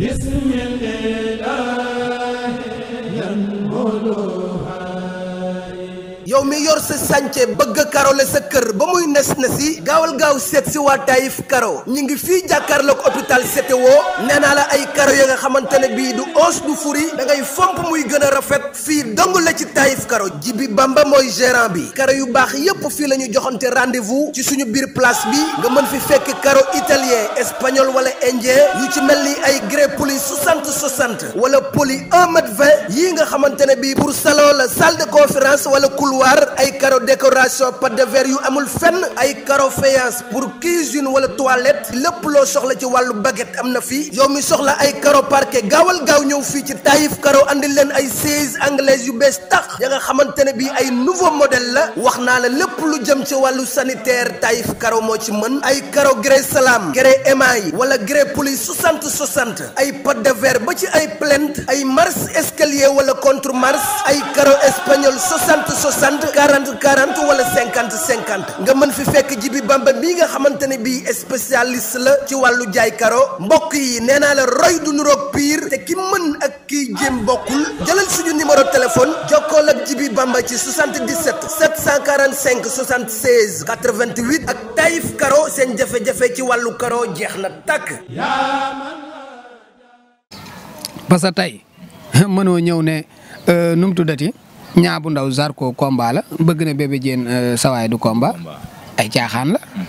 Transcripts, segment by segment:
بسم الله ينبلها yow mi yor sa sànce bëgg karole sa kër ba muy nes na si gaawal gaaw seet si waa Taïf Karo ñu ngi fii jàkkaarloog hôpital CTO nee naa la ay karo ya nga xamante ne bii du os du furi da ngay fomp muy gën a rafet fii dong la ci Taïf Karo ji bi Bamba mooy gérant bi karo yu baax yépp fii la ñu joxante rendez-vous ci suñu biir place bi nga mën fi fekk karo italien espagnol wala indien yu ci mel ni ay grès poli 60 60 wala poli 1 mètre 20 nga xamante ne bii pour salon la salle wala couloir couloir ay carreaux décoration pâte de verre yu amul fenn ay carreaux faïence pour cuisine wala toilette lepp lo soxla ci walu baguette amna fi fii yow mi soxla ay carreaux parquet gawal gaaw ñëw ci Taïf Carreaux andil len ay sièges anglaise yu bes tax ya nga xamantene bi ay nouveau modèle la waxna la lepp lu jëm ci walu sanitaire Taïf Carreaux mo ci mën ay carreaux grès salam grès émail wala grès poli 60 60 ay pâte de verre ba ci ay plinthe ay marche escalier wala contre marche ay carreaux espagnol 60 60 60 40 40 wala 50 50 nga mën fi fekk Jibi Bamba mii nga xamante ne bii spécialiste la ci wàllu jaay karo mbokk yi nee naa la roy du nuroog pire te ki mën ak kiy jéem bokkul jëlal suñu numéro téléphone jokkool ak Jibi Bamba ci 77 745 76 88 ak Taïf Karo seen jafe-jafe ci wàllu karo jeex na tàkk. parce que tey mënoo ñëw ne euh, nu mu tuddati. ñaa bu ndaw Zarko combat la bëgg na Bébé Diène euh, sawaay du combat ay caaxaan la mhm.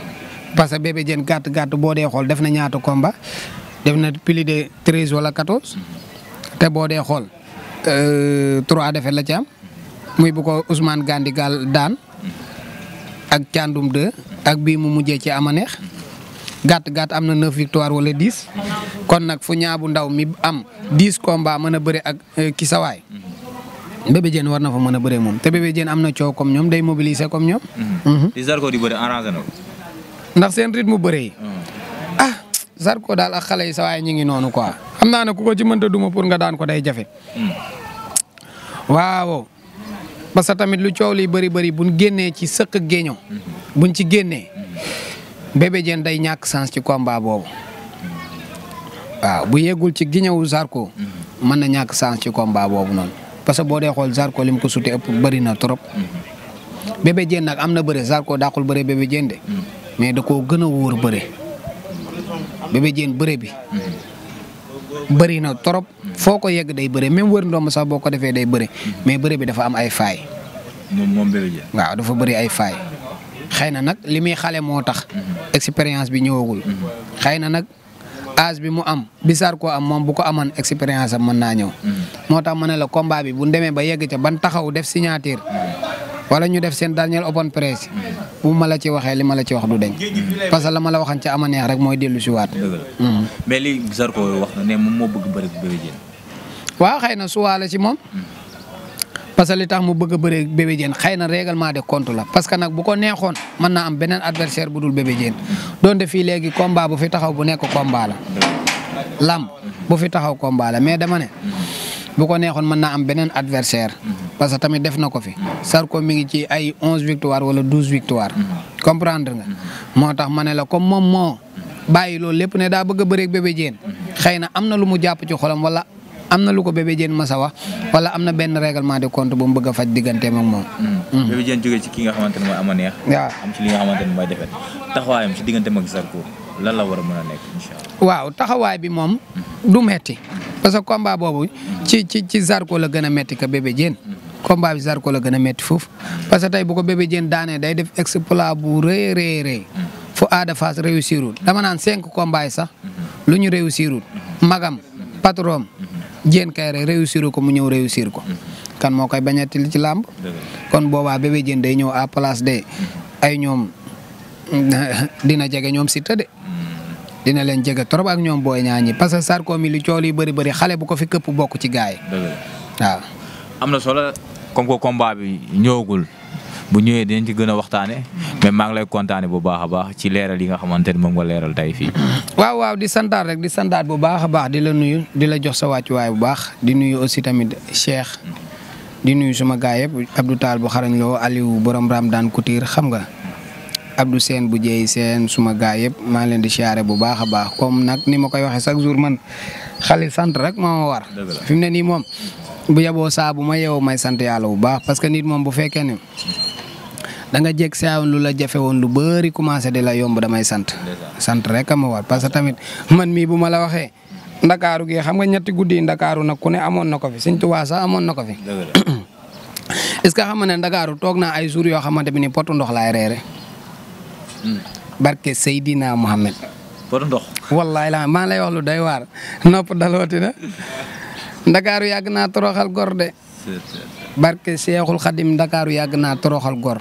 parce que Bébé Diène gàtt boo dee xool def na ñaata komba def na plus de treize wala quatorze mhm. te boo dee xool euh, trois défaites la ci muy bu ko Ousmane Gandigal daan mhm. ak Thiandoum 2 ak bii mu mujjee ci Amaneex gàtt gat am na neuf victoire wala dix kon nag fu ñaa bu ndaw mi am dix combat mën a bëre ak euh, kisawaay Bébé Diène war na fa mën a bëree moom te Bébé Diène am na coow comme ñoom day mobiliser comme ñoom. Mhm. Mhm. li Zarko di bëri ndax seen rythme bëree yi. Mhm. Ah, daal a xale yi sa waaye ñu ngi noonu quoi xam naa ne ku ko ci mënta duma pour nga daan ko day jafe. waaw parce que tamit lu coow li bëri bëri bun génnee ci sëq géeño buñ ci génnee Bébé day ñàkk sens ci combat boobu. waaw bu yeggul ci giñewu Zarko mën na ñàkk sens ci combat boobu noonu. parce que boo dee xool Zarko lim ko sutee ëpp bëri na trop. Bébé Diène nag am na bëre Zarko dàqul bëre Bébé Diène de. mais da koo gën a wóor bëre. Bébé Diène bëre bi. bëri na trop foo ko yegg day bëre même wër ndoom sax boo ko defee day bëre mais bëre bi dafa am ay faay. waaw dafa bëri ay faay. xëy na nag li muy xale moo tax. Mhm. expérience bi ñëwagul. Mhm. xëy na nag âge bi mu am bi Zarko am moom bu ko amoon expérience am mën naa ñëw. moo tax ma ne la combat bi bu ñu demee ba yegg ca ban taxaw def signature. wala ñu def seen dernier open press bu ma la ci waxee li ma la ci wax du deñ parce que la ma la waxan ca ama neex rek mooy dellu si waat. Mhm. mais li Zarko wax na ne na suwaa la ci moom. Mhm. parce que li tax mu bëgg a bëree Bébé Diène xëy na règlement de compte la parce ko ne bu ko neexoon mën naa am beneen adversaire parce que tamit def na ko fi Sarko mi ngi ci ay onze victoire wala douze victoire comprendre nga moo tax ma ne la comme moom moo bàyyi loolu lépp ne daa bëgg a bëreeg Bébé am na lu mu jàpp ci xolam wala am na lu ko bébé ma masa wax wala am na benn règlement de compte bu mu bëgg a faj digganteem moom. Hmm. Hmm. bébé Diène ci ki nga xamante ne mooy ama waaw la war waaw taxawaay bi moom du metti parce que combat boobu ci ci ci Zarko la gën a metti ka bébé Diène. Hmm. combat bi Zarko la gën a metti foofu parce que tey bu ko bébé Diène daanee day def exploit bu rëy rëy rëy fu Ada Fass réussirul dama naan cinq combat yi sax lu ñu réussirul magam patron Diène Kaïré réussir ko mu ñëw réussir ko. Mm-hmm. kan moo koy bañati li ci làmb. kon boobaa bébé Diène day ñëw à place de mm-hmm. ay ñoom dina jege ñoom Siteu de. Mm-hmm. dina leen jege trop ak ñoom booy ñaa ñi parce que Sarko mi li yi bëri bëri xale bu ko fi këpp bokk ci gaay waaw am na solo comme que combat bi ñëwagul bu ñëwee dinañ ci gën a waxtaane mais maa ngi lay kontaane bu baax a baax ci leeral yi nga xamante ne moom nga leeral tey fii waaw waaw di santaat rek di santaat bu baax a baax di la nuyu di la jox sa wàccuwaay bu baax di nuyu aussi tamit Cheikh di nuyu suma gaa yëpp Abdou taal bu xarañ loo Aliou borom Ramdan Couture xam nga Abdou Seen bu jeey seen suma gaa yëpp maa ngi leen di siyaare bu baax a baax kom nag ni ma koy waxee chaque jour man xale sant rek moo ma war yàlla bu baax parce que nit moom bu fekkee ne da nga jek saa lu la jafé won lu beuri commencé de la yomb damay sant. sante rek ma war parce que tamit man mi bu la waxé ndakaaru gi xam nga ñetti guddi yi nak ku ne amon na fi seigne touba sa amon na fi. est-ce que xam nga ne ndakaaru ay jour yo xamanteni ni potu ndox lay réré hmm. barke sayidina mohammed potu ndox. wallahi la ma lay wax lu day war nop daloti na yag na toroxal gor de. barké cheikhul khadim yag na toroxal gor.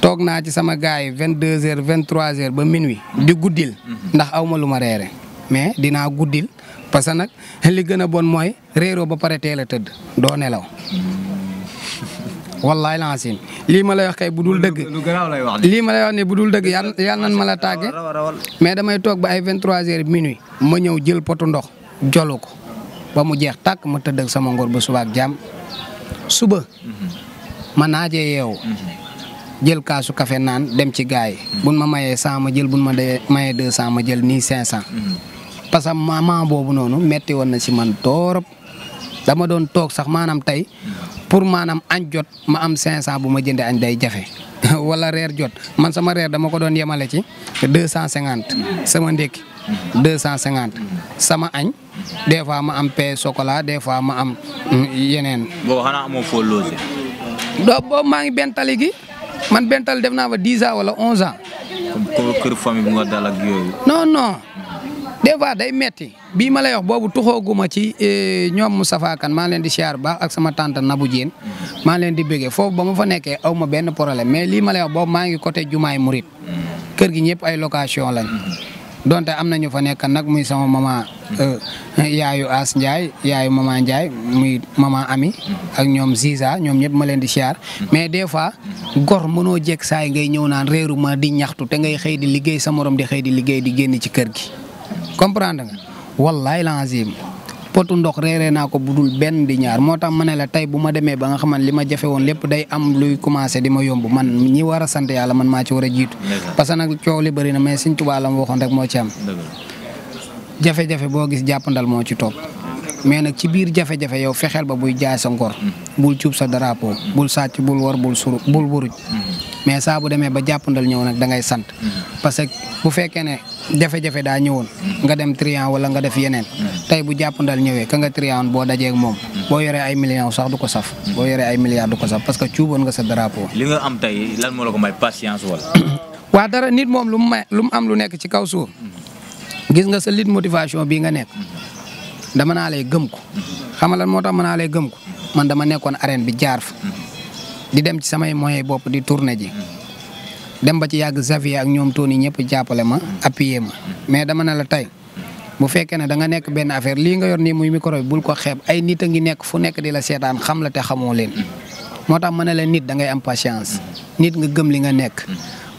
toog naa ci sama gars yi vingt deux heures vingt trois ba minuit di guddil mhm. ndax aw ma lu ma reere mais dinaa guddil parce que nag li gën a bon mooy réeroo ba pare teel a tëdd doo nelaw wallaay lancin lii ma lay wax kay bu dul dëgg lii ma lay wax ne bu dul dëgg yàlla yàlla nan ma la tàgge mais damay toog ba ay vingt trois heures minuit ma ñëw jël potu ndox jolu ko ba mu jeex tàkk ma tëdd sama ngor ba suba ak jàmm suba mhm. ma naaje yeewu mhm. jël kaasu café naan dem ci gaay yi buñ ma mayee cent ma jël buñ ma mayee deux cent ma jël nii cinq cent hmm. parce que maman boobu noonu metti woon na si man torop dama doon toog sax maanaam tey pour maanaam añ jot ma am cinq cent bu ma jëndee añ day jafe wala reer jot man sama reer dama ko doon yemale ci deux cent cinquante sama ndékki deux cent cinquante sama añ des fois ma am pain chocolat des fois ma am hmm, yeneen. boo xanaa amoo foo loger. doo boobu maa ngi benn gi. man bental def naa fa 10 ans wala 11 ans. kër famille bi nga dal ak yooyu. non non des fois day metti bii ma lay wax boobu tuxooguma ci eh, ñoom Moustapha Kane maa leen di siyaar baax ak sama tante nabu jéen maa leen di bëggee foofu ba ma fa nekkee aw ma benn problème mais lii ma lay wax boobu maa ngi côté Jumaay Mouride mm. kër gi ñëpp ay location lañ. donte am na ñu fa nekk nag muy sama maman euh, yaayu ass Ndiaye yaayu maman Ndiaye muy maman Ami ak ñoom Ziza ñoom ñëpp ma leen di siyaar mais des fois gor mënoo jekk saay ngay ñëw naan réeru di ñaxtu te ngay xëy di liggéey sa morom di xëy di liggéey di génn ci kër gi comprendre nga wallaay lazim potu ndox reeree naa ko budul benn di ñaar moo tax ma ne la tey bu ma demee ba nga xamante li ma jafe woon lépp day am luy commencé di ma yomb man ñi war a sant yàlla man maa ci war a jiitu. parce que nag coow li bëri na mais Sëñ Tuubaa la ma waxoon moo ci am. jafe-jafe boo gis jàppandal moo ci toog mais nag ci biir jafe-jafe yow fexeel ba buy jaay sa ngor. Mm-hmm. bul cuub sa daraapo bul sàcc bul war bul suru bul wuruj. Mm-hmm. mais saa bu demee ba jàppandal ñëw nag dangay sant parce que bu fekkee ne jafe-jafe daa ñëwoon nga dem triant wala nga def yeneen tey bu jàpp ndal ñëwee ka nga triant boo dajeek moom boo yoree ay millions sax du ko saf boo yoree ay milliards du ko saf que cuuboon nga sa drapeau. li nga am tey lan moo la ko may patience wala. waa dara nit moom lu mu may lu mu am lu nekk ci kaw suuf gis nga sa lit motivation bii nga nekk dama naa lay gëm ko xam nga lan moo tax ma naa lay gëm ko man dama nekkoon arène bi jaar fa. di dem ci samay moyen bop di tourner ji dem ba ci yag Xavier ak ñom toni ñëpp jappale ma appuyer ma mais dama na la tay bu fekkee ne da nga nek ben affaire li nga yor ni muy micro bul ko xeeb ay nit nga nek fu nek di la seetaan xam la te xamoo len motax mané la nit da ngay am patience nit nga gëm li nga nek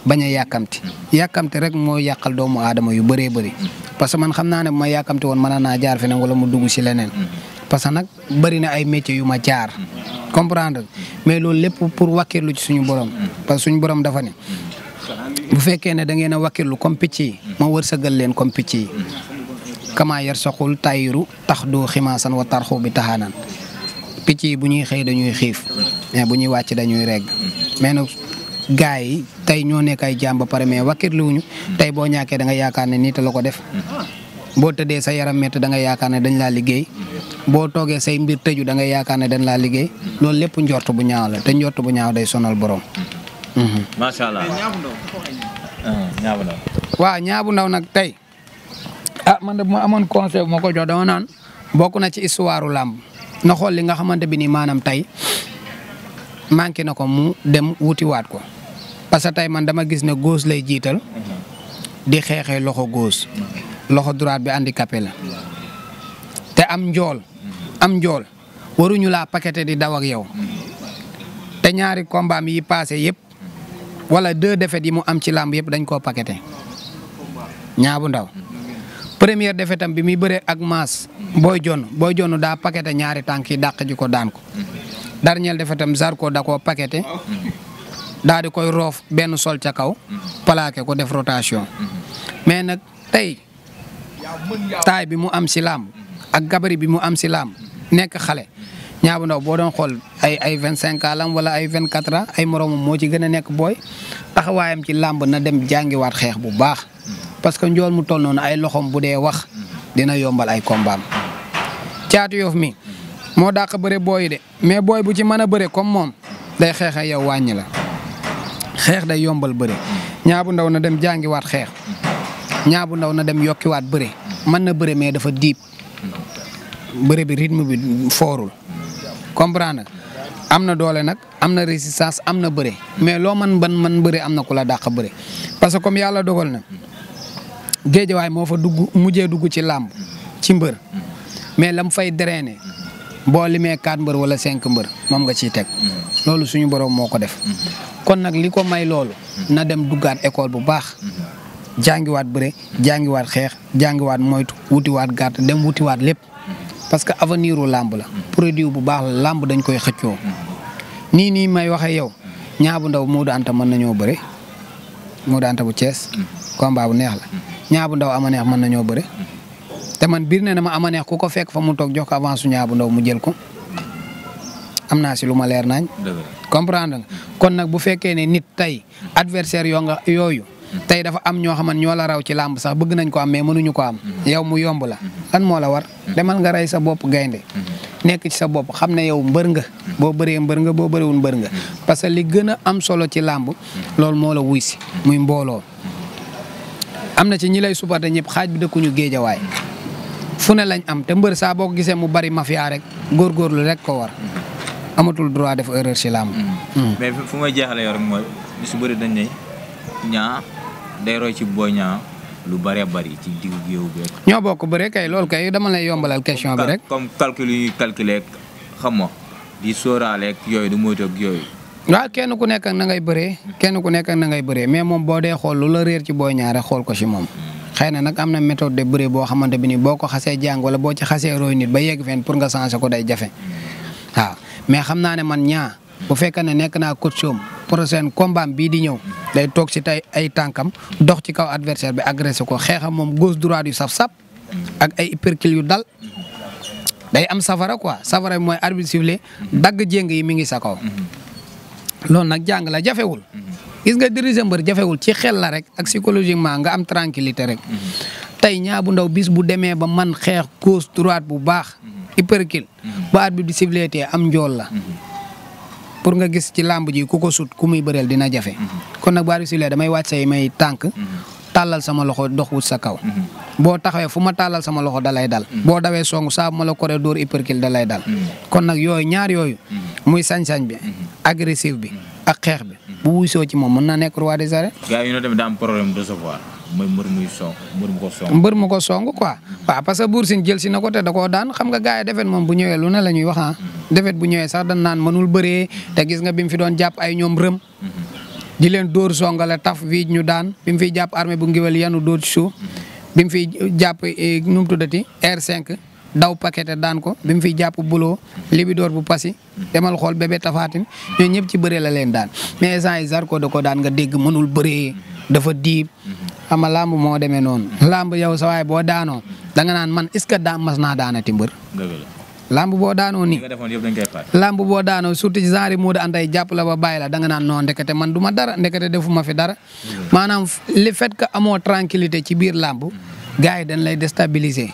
baña yakamti yakamti rek mo yakal doomu adama yu bëré bëri parce que man xamna ne ma yakamti won manana jaar fi feneen wala mu dugg ci lenen parce que na ay métier yu ma jaar comprendre mais loolu lépp pour wàkkirlu ci suñu borom parce que suñu borom dafa ne bu fekkee ne da ngeen a wàkkirlu comme picc yi ma wërsëgal leen comme picc yi kamaa yar soxul tayiru tax doo ximaasan wa tarxu bi taxaanan picc yi bu ñuy xëy dañuy xiif mais bu ñuy wàcc dañuy regg mais nag gaay yi tey ñoo nekk ay jaam ba pare mais wàkkirluwuñu tey boo ñàkkee da nga yaakaar ne nii te la ko def boo tëddee sa yaram métti da nga yaakaar ne dañ laa liggéey boo toogee say mbir tëju da nga yaakaar ne dañ laa liggéey loolu lépp njortu bu ñaaw la te njort bu ñaaw day sonal borom. Mhm. macha allah ah, ñaabu ndaw. waaw ñaabu ndaw nag tey a ah, man da bu ma amoon conseil bu ma ko jox dama naan bokk na ci histoire làmb na xool li nga xamante bi ni maanaam tey manqué na ko mu dem wutiwaat ko parce que tey man dama gis ne góos lay jiital mhm. di xeexee loxo góos. loxo droite bi handicapé la te am njool am njool waruñu laa paqueté di daw ak yow te ñaari combat yi passé yëpp wala deux défaites yi mu am ci làmb yëpp dañ koo paqueté ñaabu ndaw première défaite bi muy bëree ak maas booy jonn booy jonn daa paqueté ñaari tànk yi dàq ji ko daan ko dernière défaite am Zarko koo paqueté daa di koy roof benn sol ca kaw plaqué ko def rotation mais nag tey taay bi mu am si làmb ak gabari bi mu am si làmb nekk xale ñaabu ndaw boo doon xool ay ay vingt cinq ans lam ay vingt quatre ans ay moroomam moo ci gën a nekk booy taxawaayam ci làmb na dem jàngiwaat xeex bu baax parce que njool mu toll noonu ay loxoom bu dee wax dina yombal ay kombaam caatu yoof mi moo dàq bëre booy de mais booy bu ci mën a bëre comme moom day xeex yow wàññi la xeex day yombal bëre ñaabu ndaw na dem jàngiwaat xeex ñaa bu ndaw na dem yokkiwaat bëre man na bëre mais dafa diib bëre bi rythme bi foorul comprendre am na doole nag am na résistance am na bëre mais loo man ban man bëre am na ku la dàq bëre parce que comme yàlla dogal na géejawaay moo fa dugg mujjee dugg ci làmb ci mbër mais lam fay drainer boo limee quatre mbër wala cinq mbër moom nga ciy teg loolu suñu borom moo ko def kon nag li ko may loolu na dem duggaat école bu baax jàngiwaat bëre jàngiwaat xeex jàngiwaat moytu wutiwaat gàtt dem wutiwaat lépp parce que avenir u làmb la produit bu baax la làmb dañ koy xëccoo nii nii may waxe yow ñaa bu ndaw Modou Anta mën nañoo bëre Modou Anta bu Thiès combat bu neex la ñaa bu ndaw ama neex mën nañoo bëre te man biir ne na ma ama neex ku fekk fa mu jox avance bu ndaw mu jël ko am naa si leer nañ comprendre kon bu nit tay, adversaire yoo nga tey dafa am ñoo xamante ñoo la raw ci làmb sax bëgg nañ ko am mais mënuñu ko am yow mu yomb la lan moo la war demal nga rey sa bopp gaynde nekk ci sa bopp xam ne yow mbër nga boo bëree mbër nga boo bëriwul mbër nga parce que li gën a am solo ci làmb loolu moo la wuy si muy mbooloo am na ci ñi lay da ñëpp xaaj bi dëkkuñu géejawaay fu ne lañ am te mbër saa boo gisee mu bari mafia rek góorgóorlu rek ko war amatul droit def erreur ci làmb mais fu su bëri dañ ne day roy ci Boy lu bëree bëri ci diggu géew bi rek. ñoo bokk bëre kay loolu kay dama lay yombalal question bi rek. comme calcul yi ñuy calculer xam nga di sóoraaleeg yooyu da moytu ak yooyu. waaw kenn ku nekk na ngay bëree. kenn ku nekk na ngay bëree mais moom boo dee xool lu la réer ci Boy Niang rek xool ko ci moom. Hmm. xëy na nag am na méthode de bëree boo xamante bi ni boo ko xasee jàng wala boo ci xasee roy nit ba yegg fenn pour nga changer ko day jafe hmm. waaw mais xam naa ne man ñaa bu fekkee ne nekk naa coach prochaine combat bii di ñëw day toog si tay ay tànkam dox ci kaw adversaire bi agressé ko xeexam moom gauche droite yu saf-saf ak ay hypercule yu dal day am safara quoi safara bi mooy arbitre dagg jéng yi mi ngi sa kaw loolu nag jàng la jafewul gis nga diriger mbër jafewul ci xel la rek ak psychologiquement nga am tranquillité rek tey ñaa bu ndaw bis bu demee ba man xeex gauche droite bu baax hypercule ba arbitre bi sifflé am njool la pour nga gis ci làmb ji ku ko sut ku muy bëreel dina jafe. Mhm. kon nag bu arbitre damay wàcc say may tànk. Mhm. tàllal sama loxo dox wut sa kaw. Mhm. boo taxawee fu ma tàllal sama loxo dalay dal. boo dawee song saa ma la koree dóor hypercule dalay dal. kon nag yooyu ñaar yooyu. muy sañ-sañ bi. agressif bi ak xeex bi. bu wuysoo ci moom mën na nekk roi des arènes. gars yi ñu ne tamit daa am problème de mooy mbër mbër mu ko song. mbër mu ko song parce que Bour Sine jël si na ko te da koo daan xam nga gars yi defet moom bu ñëwee lu ne la ñuy wax ah. Mm-hmm. defet bu ñëwee sax dañ naan mënul bëree te gis nga bi mu fi doon jàpp ay ñoom rëm. Mm-hmm. di leen dóor songale taf wii ñu daan bi mu fiy jàpp armée bu ngiwel yanu dóor ci suuf mm-hmm. bi mu fiy jàpp eh, nu mu tuddati R5. daw paquete daan ko bi mu fiy jàpp buloo libidoor bu pasi demal xool bébé tafaatin ñoo ñëpp ci bëre la leen daan mais instant yi Zarko da ko daan nga dégg mënul bëree dafa diib xam nga làmb moo demee noonu. làmb yow sa waay boo daanoo da nga naan man est ce que daa mas naa daanati mbër. dëgg làmb boo daanoo nii. làmb boo daanoo surtout ci genre Modou Anta yi jàpp la ba bàyyi la danga naan non ndekete man du ma dara ndekete defuma fi dara. maanaam le fait que amoo tranquillité ci biir làmb. gars yi dañ lay déstabiliser.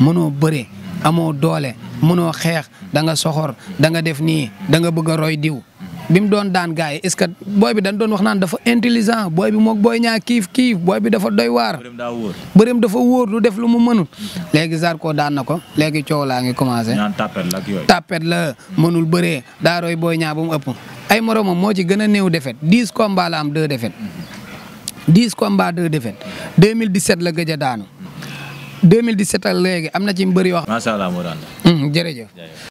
mënoo bëree amoo doole mënoo xeex da nga soxor da nga def nii danga nga bëgg a roy diw. bi mu doon daan gaay yi est que booy bi dañ doon wax naan dafa intelligent booy bi moo booy ñaa kiif kiif booy bi dafa doy waar. bërëm dafa wóor lu def lu mu mënut. léegi ko daan na ko léegi coow laa ngi commencé. ñaan tapet la ak yooyu. la mënul bëree daa roy booy ñaa ba mu ëpp. ay moromam moo ci gën a néew défaite dix combats la am deux défaites dix combats deux défaites 2017 la gëj a daanu 2017 a léegi am na ci mbër yoo xam. macha allah moo daan. Hmm, jërëjëf.